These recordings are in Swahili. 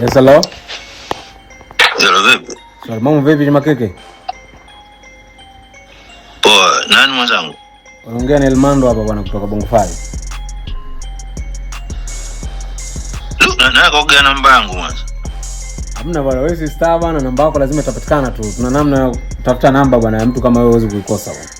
Yes, hello. Hello vipi? Salamu vipi makeke? Poa, nani mwenzangu? Unaongea na Elmando hapa bwana kutoka Bongo Five. Na na kaongea namba yangu mwanzo. Hamna bwana, wewe si star bwana, namba yako lazima itapatikana tu. Tuna namna ya kutafuta namba bwana ya mtu kama wewe huwezi kuikosa bwana.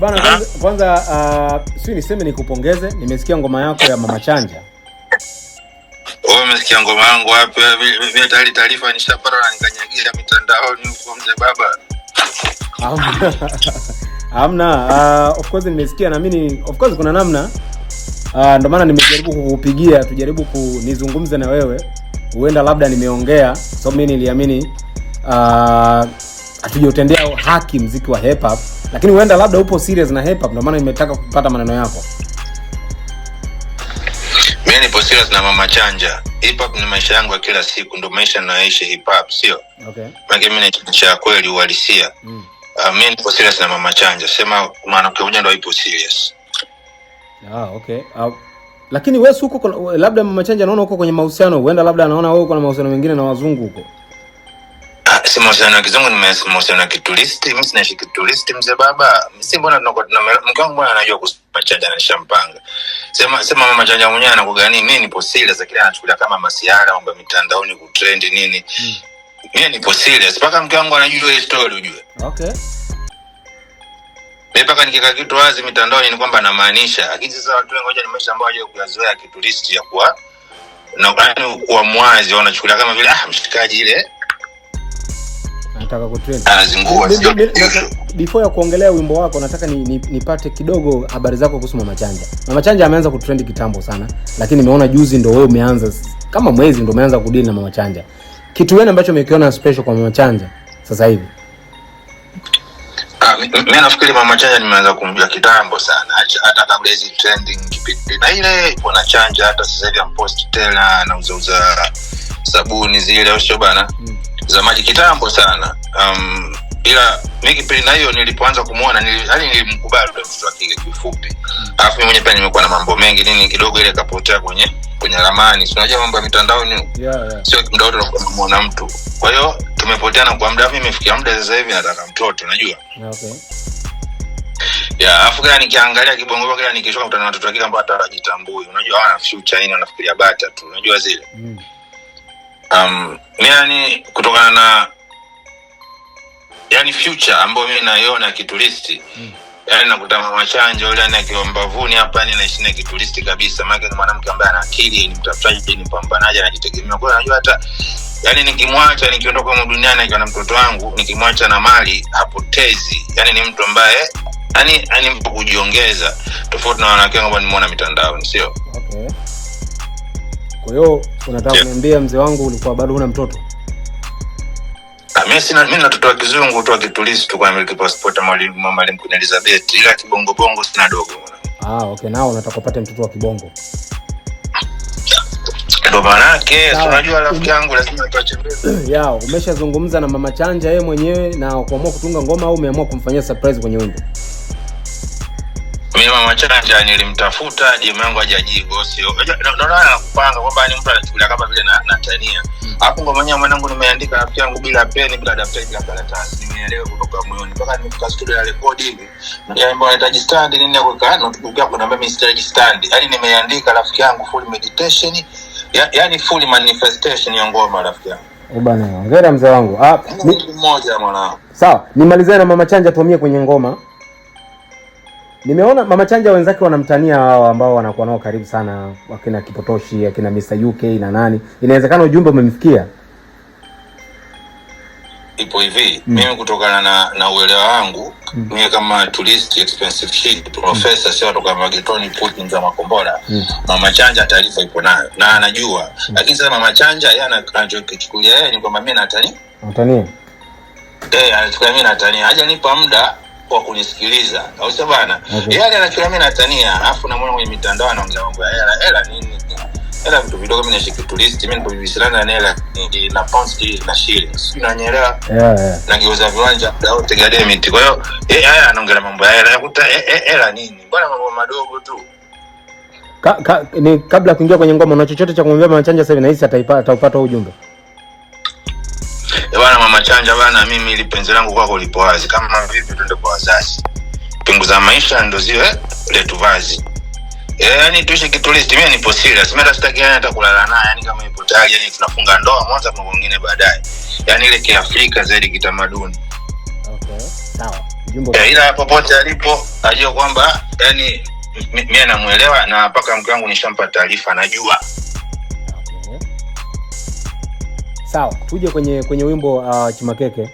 Bana ah. kwanza, kwanza uh, ah, si niseme nikupongeze, nimesikia ngoma yako ya Mama Chanja. Wewe oh, umesikia ngoma yangu wapi? Mimi tayari taarifa nishapata na nikanyagia mitandaoni huko mzee baba. amna uh, ah, of course nimesikia na mimi of course kuna namna. Uh, ndio maana nimejaribu kukupigia tujaribu kunizungumze na wewe. Huenda labda nimeongea so mimi niliamini uh, hatujautendea haki mziki wa hip hop, lakini huenda labda upo serious na hip hop, ndio maana nimetaka kupata maneno yako. Mimi nipo serious na mama chanja. Hip hop ni maisha yangu ya kila siku, ndio maisha ninayoishi hip hop, sio? Okay. Maana mimi ni cha kweli uhalisia. Mm. Uh, mimi nipo serious na mama chanja. Sema maana kwa mmoja ndio ipo serious. Ah, okay. Uh, lakini wewe huko labda mama chanja anaona uko kwenye mahusiano, huenda labda anaona wewe uko na mahusiano mengine na wazungu huko si mahusiano ya kizungu ni mahusiano ya kituristi mi sinaishi kituristi mzee baba si mbona tunakuwa tuna mke wangu bwana anajua kusema chanja na nishampanga sema sema mama chanja mwenyewe anakuga nini mimi nipo serious lakini anachukulia kama masiara mambo ya mitandaoni kutrend nini mm. mimi nipo serious mpaka mke wangu anajua ile story ujue okay mi mpaka nikika kitu wazi mitandaoni ni kwamba namaanisha lakini sasa watu wengi ni maisha ambayo waje kuyazoea kitu ya kuwa na kwa mwazi wanachukulia kama vile ah mshikaji ile nataka ku kutrend ah, before ya kuongelea wimbo wako, nataka nipate ni, ni kidogo habari zako kuhusu Mama Chanja. Mama Chanja ameanza kutrend kitambo sana, lakini nimeona juzi ndo wewe umeanza kama mwezi ndo umeanza kudili na Mama Chanja. Kitu gani ambacho umekiona special kwa Mama Chanja sasa hivi? Mimi ah, nafikiri Mama Chanja nimeanza kumjua kitambo sana, hata kabla hizi trending kipindi na ile ipo na Chanja, hata sasa hivi ampost tena na uzauza sabuni zile, au sio bana? mm maji kitambo sana um, ila mi kipindi na hiyo nilipoanza kumwona yani nilimkubali ule mtoto wa kike kifupi alafu mi mwenyewe pia nimekuwa na mambo mengi nini kidogo ile kapotea kwenye kwenye ramani sinajua mambo ya mitandao ni yeah, yeah. sio muda wote unakuwa mtu kwa hiyo tumepoteana kwa muda mimi imefikia muda sasa hivi nataka mtoto unajua ya afu kila nikiangalia kibongo kila nikishoka kutana na watoto ambao hata unajua hawana future yaani wanafikiria bata tu unajua zile mm um, yani kutokana na yani future ambayo mimi naiona kituristi mm. Yani nakuta mama Chanja yule ana kiwa hapa, ni naishi na kituristi kabisa, maana ni mwanamke ambaye ana akili, ni mtafutaji, ni pambanaji anajitegemea. Kwa hiyo najua hata yani nikimwacha, nikiondoka huko duniani akiwa na mtoto wangu, nikimwacha na mali, hapotezi. Yani ni mtu ambaye yani, yani mpo kujiongeza, tofauti na wanawake ambao nimeona mitandaoni, sio okay. Kwa hiyo unataka yeah, kuniambia mzee wangu ulikuwa bado una mtoto? Ah, mimi sina, mimi na mtoto wa kizungu tu akitulizi tu kwa miliki passport ya mwalimu mama Queen Elizabeth, ila kibongo bongo sina dogo. Ah, okay, nao unataka upate mtoto wa kibongo Ndio ndo manake unajua rafiki yangu lazima tuache mbele. Ya, umeshazungumza na mama Chanja yeye mwenyewe na kuamua kutunga ngoma au umeamua kumfanyia surprise kwenye wimbo? Mimi mama Chanja nilimtafuta DM yangu ajajibu sio naona anakupanga kwamba ni mtu anachukulia kama vile na natania hmm. hapo. Ngoma yenyewe mwanangu, nimeandika rafiki yangu bila peni, bila daftari, bila karatasi, nimeelewa kutoka moyoni mpaka nimefika studio ya rekodi hivi, ndio nikaambia anahitaji stand nini ya kuweka na tukukia kuna mimi sitaji stand, yani nimeandika rafiki yangu full meditation, yani full manifestation ya ngoma rafiki yangu. Eh bwana, hongera mzee wangu. Ah, mimi mmoja mwanangu. Sawa, nimalizane na mama Chanja tuamie kwenye ngoma. Nimeona mama Chanja wenzake wanamtania hao ambao wanakuwa nao karibu sana, wakina Kipotoshi, akina Mr UK na nani. Inawezekana ujumbe umemfikia. Ipo hivi mm. Mimi kutokana na na uelewa wangu mm. Mimi kama tourist expensive shit professor, mm. sio kutoka magetoni Putin za makombora mm. Mama Chanja taarifa ipo nayo na anajua mm. Lakini sasa mama Chanja yeye anachokichukulia yeye ni kwamba mimi natani natani eh, anachukulia mimi natani haja nipa muda kwa kunisikiliza. Kausa bana. Okay. Yale anachora mimi natania, alafu namuona kwenye mitandao anaongea mambo ya hela. Hela nini? Hela vitu vidogo mimi nashika tu list, mimi nipo bisilana na hela na pounds na shillings. Unanielewa? Yeah, na kiuza viwanja au tegademi miti. Kwa hiyo eh, haya anaongelea mambo ya hela. Nakuta e, e, hela nini? Bwana mambo madogo tu. Ka, ka, ni kabla kuingia kwenye ngoma, una chochote cha kumwambia Mama Chanja sasa hivi? Nahisi ataipata ataupata ujumbe. E eh, bana, mama Chanja bana, mimi ili penzi langu kwako lipo wazi. Kama vipi, tuende kwa wazazi, pingu za maisha ndo ziwe eh, letu vazi. Eh, yani tuishi kitulisti. Mimi nipo serious, mimi sitaki yani hata kulala naye, yani kama ipo tayari, yani tunafunga ndoa mwanza, mambo mengine baadaye, yani ile kiafrika zaidi kitamaduni. Okay, sawa ila popote alipo ajue kwamba yani mimi namuelewa, na mpaka mke wangu nishampa taarifa, najua Sawa, tuje kwenye kwenye wimbo uh, Chimakeke.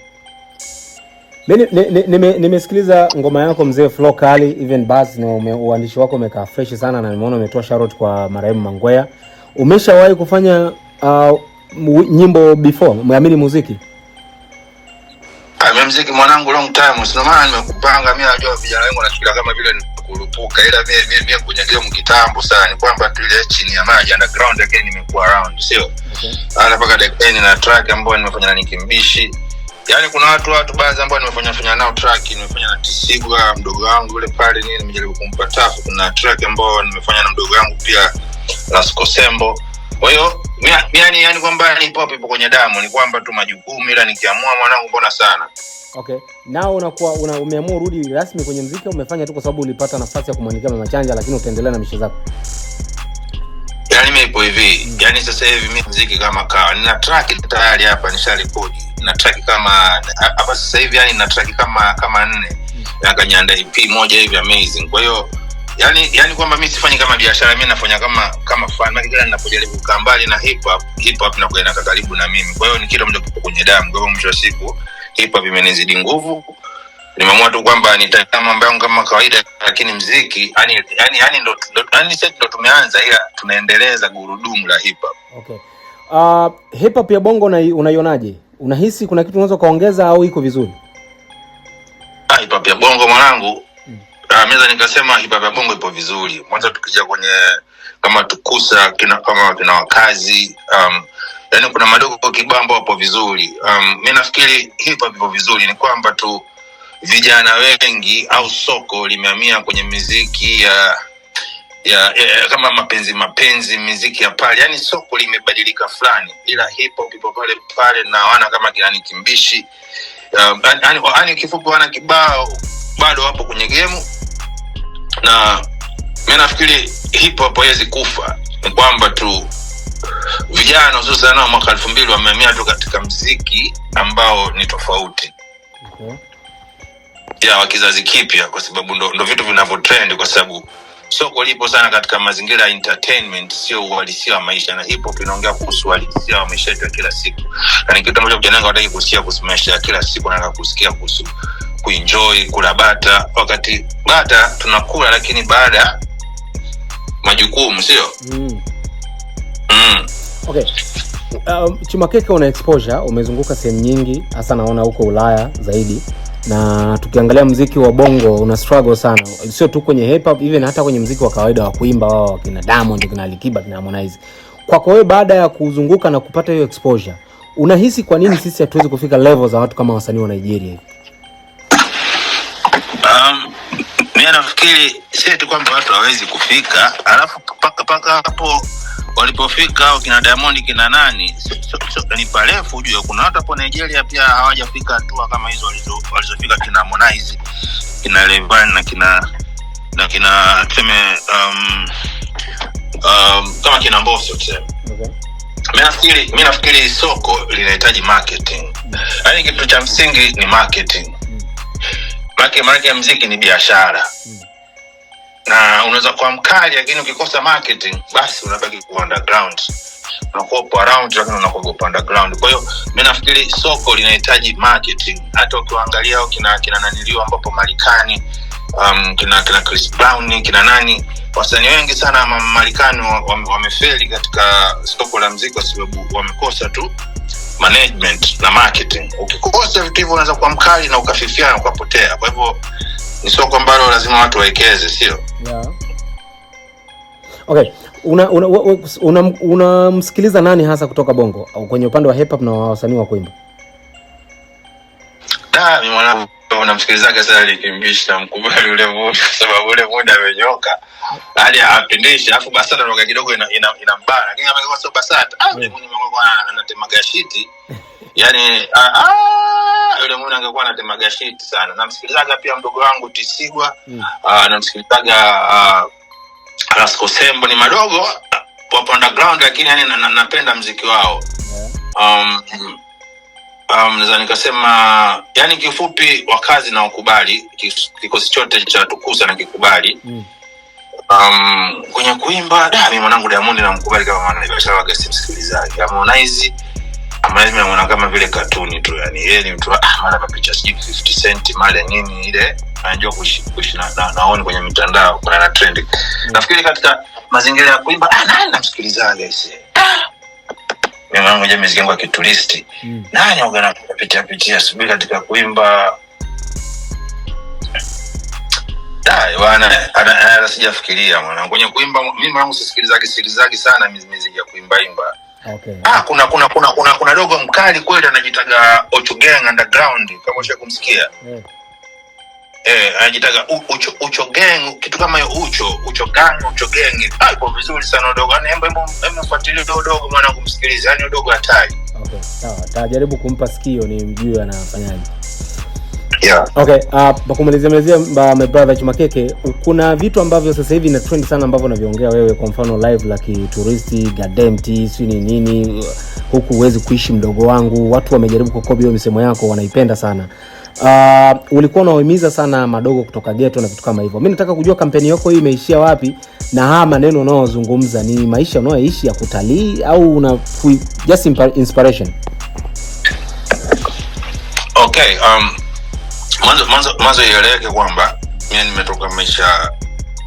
Nimesikiliza nime, nime ngoma yako mzee Flo Kali even buzz na ume, uandishi wako umekaa fresh sana na nimeona umetoa shout kwa marehemu Mangwea. Umeshawahi kufanya uh, nyimbo before, muamini muziki? Kama ah, muziki mwanangu long time, sio maana nimekupanga mimi najua vijana wengi wanafikiria kama vile kulupuka ila mimi mimi kunyagia mkitambo sana, ni kwamba tulia chini ya maji underground, lakini nimekuwa around, sio hata mpaka dekeni na track ambayo nimefanya na nikimbishi Yaani kuna watu watu baadhi ambao nimefanya fanya nao track, nimefanya na Tisigwa ah, mdogo wangu yule pale, nini nimejaribu kumpa tafu. Kuna track ambao nimefanya na mdogo wangu pia Lasco Sembo kwa hiyo yani, yani kwamba ni pop ipo kwenye damu, ni kwamba tu majukumu, ila nikiamua mwanangu, mbona sana. Okay, nao unakuwa una, umeamua urudi rasmi kwenye mziki, umefanya tu kwa sababu ulipata nafasi ya kumwandikia Mama Chanja, lakini utaendelea na mishe zako. Yani mimi ipo hivi mm. Yani sasa hivi mimi mziki kama kawa, nina track tayari hapa nisharekodi, nina track kama hapa sasa hivi, yani nina track kama kama nne mm. Nakanyanda EP moja hivi amazing, kwa hiyo yani yani kwamba mimi sifanyi kama biashara, mimi nafanya kama kama fan. Maana kila ninapojaribu kukaa mbali na hip hop, hip hop inakuwa inakaa karibu na mimi. Kwa hiyo ni kila mtu kipo kwenye damu. Kwa hiyo mwisho wa siku hip hop imenizidi nguvu. Nimeamua tu kwamba nitafanya mambo yangu kama kawaida, lakini mziki yani yani yani ndo yani sasa ndo tumeanza, ila tunaendeleza gurudumu la hip hop. Okay. Uh, hip hop ya Bongo unaionaje? Unahisi kuna kitu unaweza kaongeza au iko vizuri? Ah, hip hop ya Bongo mwanangu Ah, meza nikasema hip ya Bongo ipo vizuri. mwanza tukija kwenye kama tukusa kina kama kina wakazi um, yani kuna madogo kibambo hapo vizuri. Um, mimi nafikiri hip hop ipo vizuri ni kwamba tu vijana wengi au soko limehamia kwenye miziki ya ya, ya kama mapenzi mapenzi miziki ya pale yani soko limebadilika fulani ila hip hop ipo pale pale na wana kama kilani kimbishi um, kifupi wana kibao bado wapo kwenye gemu na mi nafikiri hip hop haiwezi kufa, ni kwamba tu vijana hususan nao mwaka elfu mbili wameamia tu katika mziki ambao ni tofauti okay. ya wa kizazi kipya, kwa sababu ndo, ndo vitu vinavyotrend, kwa sababu soko lipo sana katika mazingira ya entertainment, sio uhalisia wa maisha, na hip hop inaongea kuhusu uhalisia wa maisha yetu ya kila siku, na ni kitu ambacho vijana wataki kusikia kuhusu maisha ya kila siku, nataka kusikia kuhusu kuenjoy kula bata, wakati bata tunakula lakini baada majukumu sio? mm. mm. Okay. Um, chumakeke una exposure, umezunguka sehemu nyingi, hasa naona huko Ulaya zaidi, na tukiangalia mziki wa bongo una struggle sana, sio tu kwenye hip hop, even hata kwenye mziki wa kawaida wa kuimba wao, wakina Diamond, kina likiba kina Harmonize. Kwako wewe, baada ya kuzunguka na kupata hiyo exposure, unahisi kwa nini sisi hatuwezi kufika level za watu kama wasanii wa Nigeria hivi? Um, mimi nafikiri si tu kwamba watu hawezi kufika, alafu paka paka hapo walipofika au kina Diamond kina nani, ni parefu juu. Kuna watu hapo Nigeria pia hawajafika hatua kama hizo walizofika kina Harmonize kina Levan na kina na kina tuseme um, um, kama kina Mbosso tuseme okay. nafikiri mimi nafikiri soko linahitaji marketing, yaani kitu cha msingi ni marketing Maanake maanake mziki ni biashara hmm. na unaweza kuwa mkali, lakini ukikosa marketing basi unabaki kuwa underground, unakuwa upo around, lakini unakuwa kwa underground. Kwa hiyo mimi nafikiri soko linahitaji marketing. Hata ukiangalia au kina kina naniliwa ambapo Marekani um, kina kina Chris Brown kina nani wasanii wengi sana wa Marekani wamefeli wame katika soko la mziki kwa sababu wamekosa tu management na marketing. Ukikosa vitu hivyo, unaweza kuwa mkali na ukafifia na ukapotea. Kwa hivyo ni soko ambalo lazima watu waekeze sio yeah. Okay, unamsikiliza una, una, una nani hasa kutoka Bongo au kwenye upande wa hip hop na wasanii wa kuimba? Mwanangu, unamsikilizaga sana Likimbisha, mkubali ule muda, kwa sababu ule muda amenyoka Yaani hali ya apendezi alafu basata roga kidogo ina, ina, ina mbara lakini kama ingekuwa sio basata ah, yule mwenye angekuwa anatemaga shiti yani ah, ah, yule mwenye angekuwa anatemaga shiti sana namsikilizaga pia mdogo wangu tisigwa mm. ah, namsikilizaga ah, Rasco Sembo ni madogo wapo underground lakini yani na, na, mziki wao um, um, naweza nikasema yani kifupi wakazi na wakubali kikosi chote cha tukusa na kikubali mm Um, kwenye kuimba da, mimi mwanangu Diamond namkubali kama mwanabiashara wake, si msikilizaji. Harmonize Harmonize mimi namuona kama vile katuni tu, yani yeye ni mtu ah, mara mapicha sijui 50 cent mali nini ile, anajua kuishi na na, naoni kwenye mitandao kuna na trend. Mm. Nafikiri katika mazingira ya kuimba ah, nani namsikilizaje ah! Mimi mwanangu jamii yangu kituristi Mm. Nani ugana kupitia pitia subiri katika kuimba Dai bwana sijafikiria mwanangu kwenye kuimba mwanangu sisikilizagi sikilizagi sana miziki ya Okay. Ah, kuna kuna kuna kuna, kuna dogo mkali kweli anajitaga Underground kama kumsikia. Eh, eh anajitaga Ucho Ucho Gang kitu kama hiyo Ucho Ucho Gang Ucho Gang. ipo ah, vizuri sana dogo. Yaani, dogo yaani, dogo hatari. Okay. Sawa. Tajaribu kumpa sikio ni mjue anafanyaje. Yeah. Okay, uh, kumalizia malizia my brother Chuma kuna vitu ambavyo sasa hivi na trend sana ambavyo unaviongea wewe, kwa mfano live la kituristi gadenti si ni nini huku huwezi kuishi mdogo wangu, watu wamejaribu kukopi hiyo misemo yako, wanaipenda sana. Uh, ulikuwa unawahimiza sana madogo kutoka geto na vitu kama hivyo. Mimi nataka kujua kampeni yako hii imeishia wapi, na haya maneno unaozungumza ni maisha unayoishi ya kutalii au una just inspiration? Okay, um mwanzo ieleweke kwamba mie nimetoka maisha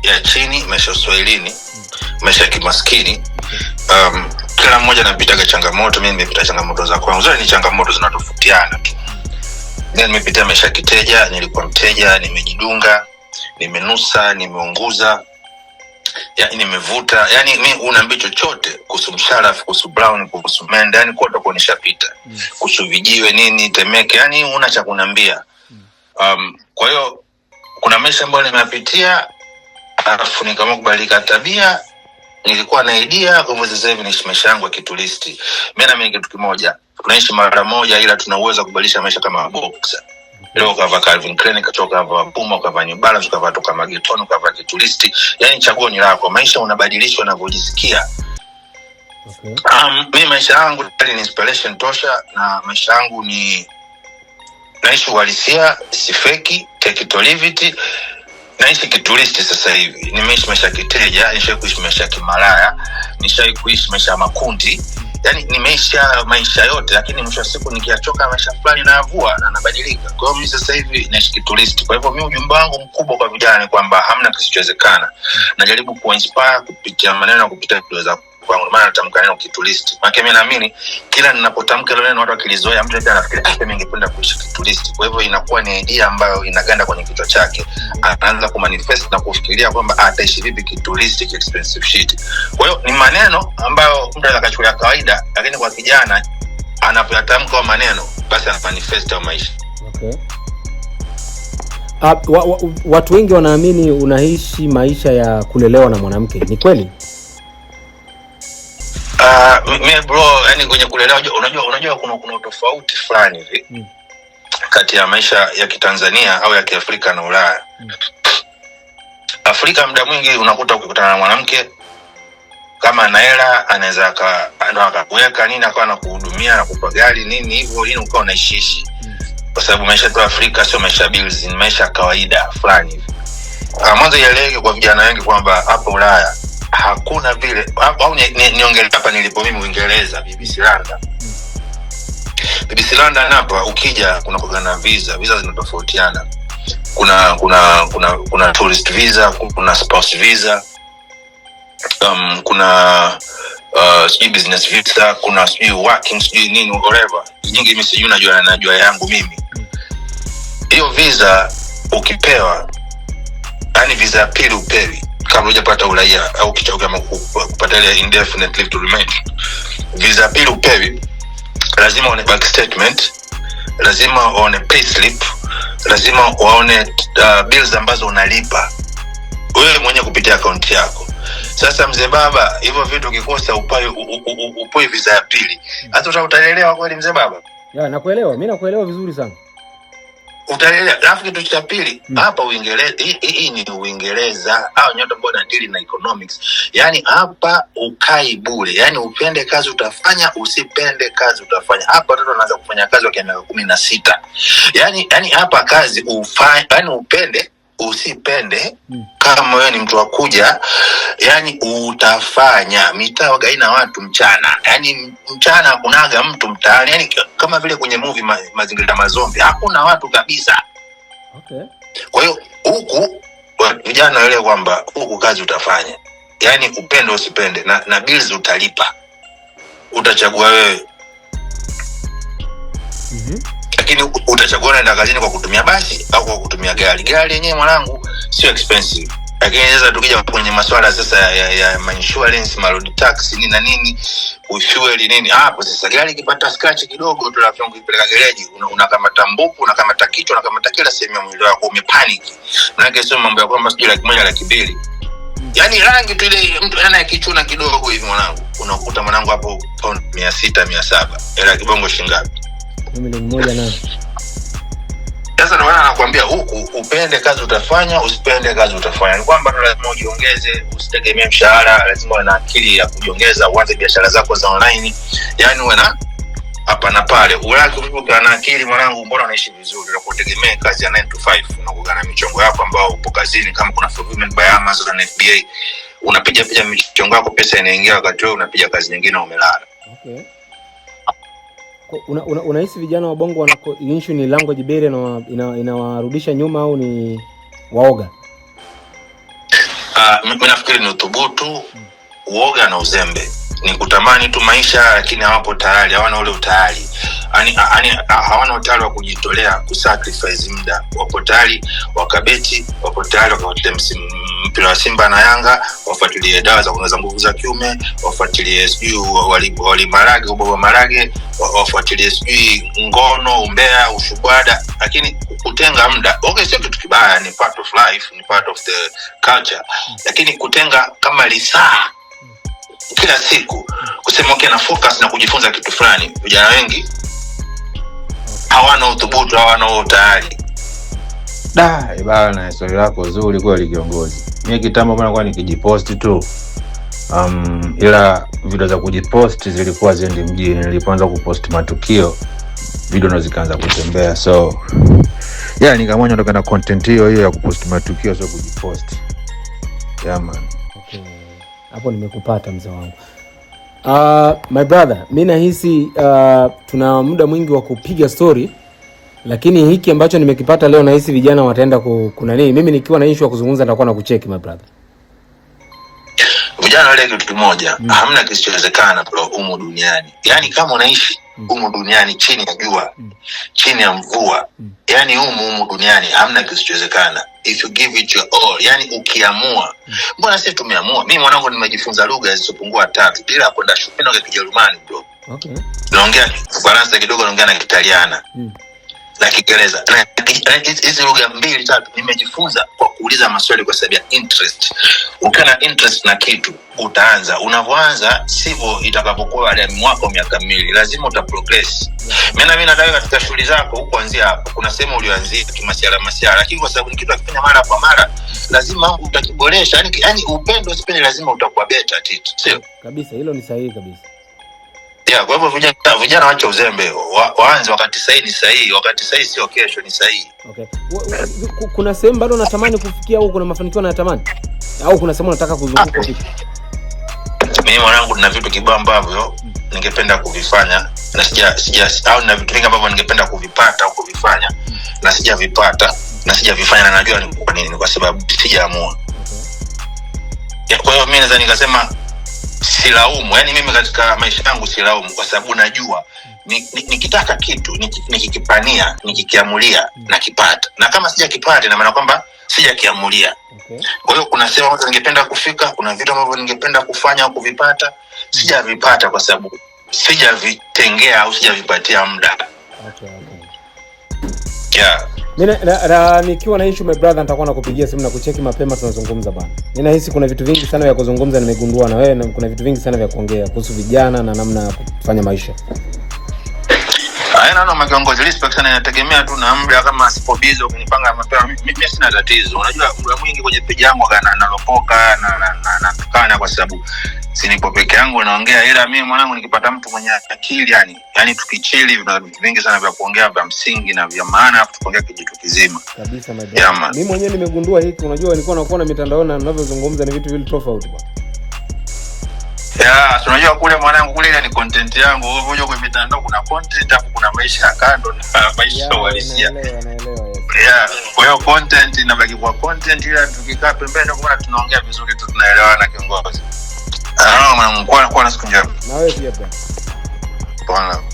ya chini, maisha uswahilini, maisha ya kimaskini. Um, kila mmoja anapitaga changamoto. mi nimepita changamoto za kwangu, zote ni changamoto zinatofautiana mi Nimepitia maisha ya kiteja, nilikuwa mteja, nimejidunga, nimenusa, nimeunguza yani nimevuta, yani mi unaambi chochote kuhusu mshara kuhusu Brown, kuhusu Mende, yani kuonyesha pita mm. kuhusu vijiwe nini Temeke, yani una cha kunaambia Um, kwa hiyo kuna maisha ambayo nimepitia, alafu nikaamua kubadilika tabia. Nilikuwa na idea, kwa sasa hivi niishi maisha yangu ya kitulisti. Mimi na mimi kitu kimoja, tunaishi mara moja, ila tuna uwezo wa kubadilisha maisha kama boxer. Leo Calvin Klein, Puma, New Balance, toka yaani chaguo ni lako, maisha unabadilishwa Okay. Um, maisha yangu ni inspiration tosha na maisha yangu ni naishi uhalisia, sifeki, take Naishi kituristi sasa hivi, nimeishi maisha ya kiteja, nishai kuishi maisha ya kimalaya, nishai kuishi maisha ya makundi, yani nimeisha maisha yote, lakini mwisho wa siku nikiachoka maisha fulani nayavua na nabadilika. Kwa hiyo mimi sasa hivi naishi kituristi. Kwa hivyo mi ujumbe wangu mkubwa kwa vijana ni kwamba hamna kisichowezekana. Hmm. Najaribu kuwainspire kupitia maneno ya kupita video zangu kwangu, maana natamka neno naamini kila ninapotamka neno watu akilizoea, mtu pia anafikiri ah, kuishi Kwa hivyo inakuwa ni ambayo inaganda kwenye kichwa chake, anaanza kumanifest na kufikiria kwamba ah, ataishi vipi shit. Kwa hiyo ni maneno ambayo mtu kawaida, lakini kwa kijana maneno basi anamanifest maisha. Okay. Uh, wa, wa, watu wengi wanaamini unaishi maisha ya kulelewa na mwanamke. Ni kweli? Uh, mimi bro, yani kwenye kulelewa unajua, unajua kuna kuna tofauti fulani hivi mm. kati ya maisha ya Kitanzania au ya Kiafrika na Ulaya mm. Afrika muda mwingi unakuta ukikutana na mwanamke kama ana hela anaweza akakuweka nini akawa anakuhudumia nakupa gari nini hivyo lini ukawa unaishiishi mm. kwa sababu maisha tu Afrika sio maisha bills, ni maisha ya kawaida fulani hivi. Ah, mwanzo ieleweke kwa vijana wengi kwamba hapa Ulaya hakuna vile au niongele hapa nilipo mimi Uingereza, BBC London. BBC London hapa ukija kuna kugana visa, visa zinatofautiana. Kuna kuna kuna kuna tourist visa, kuna spouse visa. Um, kuna uh, business visa, kuna sijui working sijui nini whatever. Nyingi mimi sijui najua najua yangu mimi. Hiyo visa ukipewa, yani visa ya pili upewi kama hujapata uraia au kichao kama kupata ile indefinitely to remain. Visa pili upewi, lazima one bank statement, lazima one pay slip, lazima waone uh, bills ambazo unalipa wewe mwenye kupitia akaunti yako. Sasa mzee baba, hivyo vitu ukikosa upai upoi visa ya pili, hata utaelewa kweli mzee baba? Ya, nakuelewa mimi, nakuelewa vizuri sana utaelewa. Alafu kitu cha pili hmm. hapa Uingereza, hii ni Uingereza au nyote ambao deal na economics, yani hapa ukai bure, yani upende kazi utafanya, usipende kazi utafanya. Hapa watoto wanaanza kufanya kazi wakiwa miaka kumi na sita, yani yani hapa kazi ufanye, yani upende usipende mm. Kama wewe ni mtu wa kuja, yani utafanya mitaa waga ina watu mchana, yani mchana hakunaga mtu mtaani, yani kama vile kwenye movie ma, mazingira mazombi hakuna watu kabisa. Okay. Kwa hiyo huku vijana waelewe kwamba huku kazi utafanya, yani upende usipende, na, na bills utalipa, utachagua wewe mm -hmm lakini utachagua naenda kazini kwa kutumia basi au kwa kutumia gari. Gari yenyewe mwanangu sio expensive, lakini sasa tukija kwenye masuala sasa ya, ya ya insurance ma road tax nini na nini ufueli nini ah, hapo sasa, gari ikipata scratch kidogo tu, rafiki yangu, gereji, unakamata una mbuku, unakamata kichwa, unakamata kila sehemu ya mwili wako, umepanic. Maanake sio mambo ya kwamba sijui laki moja laki mbili yaani rangi tu ile mtu ana anayekichuna kidogo hivi mwanangu, unakuta mwanangu hapo pauni mia sita mia saba, ela kibongo shingapi? mimi ni mmoja nao. Sasa ndio maana anakuambia huku, upende kazi utafanya, usipende kazi utafanya. Ni kwamba lazima ujiongeze, usitegemee mshahara, lazima uwe na akili ya kujiongeza, uanze biashara zako za online, yani uwe na hapa na pale. ulaki Ukiwa na akili mwanangu, mbona unaishi vizuri? na kutegemea kazi ya 9 to 5, unakuwa na michongo yako ambao upo kazini, kama kuna fulfillment by Amazon na FBA, unapiga picha michongo yako, pesa inaingia wakati wewe unapiga kazi nyingine, umelala okay. Unahisi una, una vijana wa Bongo wanako issue ni language barrier na inawarudisha ina nyuma au ni waoga? Uh, ah, mimi nafikiri ni uthubutu, uoga na uzembe, ni kutamani tu maisha, lakini hawapo tayari, hawana ule utayari ani, ani, hawana utayari wa kujitolea kusacrifice muda. Wapo tayari wakabeti, wapo tayari wakaotele msimu mpira wa Simba na Yanga, wafuatilie dawa za kuongeza nguvu za kiume, wafuatilie sijui walimarage ubaba marage, wafuatilie sijui ngono, umbea, ushubwada, lakini kutenga muda, okay, sio kitu kibaya, ni part of life, ni part of the culture, lakini kutenga kama lisaa kila siku kusema okay, na focus na kujifunza kitu fulani. Vijana wengi hawana uthubutu, hawana huo tayari Da, ibara na story lako zuri kweli kiongozi. Mimi kitambo mbona kwa nikijiposti tu. Um, ila video za kujipost zilikuwa ziendi mjini. Nilipoanza kupost matukio, video nazo zikaanza kutembea. So yeah, nikaamua ndoka na content hiyo hiyo ya kupost matukio sio kujipost. Yeah man. Okay. Hapo nimekupata mzee wangu. Uh, my brother, mimi nahisi uh, tuna muda mwingi wa kupiga story lakini hiki ambacho nimekipata leo nahisi vijana wataenda kuna nini. Mimi nikiwa na issue ya kuzungumza nitakuwa na kucheki my brother. Vijana wale kitu kimoja mm. hamna kisichowezekana bro humu duniani, yani kama unaishi humu mm. duniani chini ya jua mm. chini ya mvua mm. yani humu humu duniani hamna kisichowezekana if you give it your all, yani ukiamua. Mm. Mbona mm. sisi tumeamua. Mimi mwanangu nimejifunza lugha zisizopungua tatu bila kwenda shule na Kijerumani bro, okay. naongea Kifaransa kidogo, naongea na Kitaliana mm na Kiingereza hizi lugha mbili tatu nimejifunza kwa kuuliza maswali kwa sababu ya interest. Ukiwa na interest na kitu utaanza, unavyoanza sivyo itakapokuwa aliami wako miaka miwili, lazima uta progress. Mimi na mimi nadai katika shughuli zako kuanzia hapo, kuna sehemu ulioanzia kimasiara masiara, lakini kwa sababu ni kitu akifanya mara kwa mara lazima utakiboresha. Yani, yani upendo usipende, lazima utakuwa beta titi, sio kabisa? Hilo ni sahihi kabisa. Yeah, kwa hivyo vijana, vijana uzembe waanzi waanze wakati sahihi ni sahihi, wakati sahihi sio kesho, ni sahihi. Okay. Kuna sehemu bado unatamani kufikia au kuna mafanikio unayatamani au kuna sehemu nataka kuzunguka vipi? Ah. Mimi mwanangu, nina vitu kibao ambavyo ningependa kuvifanya na sija sija, au nina vitu vingi ambavyo ningependa kuvipata au kuvifanya na sijavipata na sijavifanya, na najua ni kwa nini, kwa sababu sijaamua. Okay. Kwa hiyo mimi naweza nikasema silaumu, yani mimi katika maisha yangu silaumu, kwa sababu najua nikitaka ni, ni kitu nikikipania ni nikikiamulia hmm. nakipata, na kama sijakipata ina maana kwamba sijakiamulia. Okay. Kwa hiyo kuna sehemu ambazo ningependa kufika, kuna vitu ambavyo ningependa kufanya au kuvipata sijavipata, kwa sababu sijavitengea au sijavipatia muda. Okay, okay yeah. nikiwa na issue my brother, nitakuwa nakupigia simu na kucheki mapema, tunazungumza bana. Ninahisi kuna vitu vingi sana vya kuzungumza, nimegundua na wewe na kuna vitu vingi sana vya kuongea kuhusu vijana na namna ya kufanya maisha. Haina na kiongozi respect sana, inategemea tu na muda. Kama asipo busy kunipanga mapema, mimi sina tatizo. Unajua muda mwingi kwenye peji yangu analopoka na na kwa sababu sinipo peke yangu naongea, ila mimi mwanangu nikipata mtu mwenye akili yani, yani tukichili, vina vitu vingi sana vya kuongea vya msingi na vya maana, afu tukiongea kijitu kizima kabisa. Mimi mwenyewe nimegundua hiki, unajua nilikuwa nakuona mitandaoni na ninavyozungumza ni vitu vile tofauti bwana. Ya, unajua kule mwanangu kule ile ni content yangu. Wewe unajua kwenye mitandao kuna content afu kuna maisha ya kando na maisha ya uhalisia. Yeah, kwa hiyo content inabaki kwa content ila tukikaa pembeni kwa tunaongea vizuri tu tunaelewana kiongozi. Ah, man, ¿Cuál es es con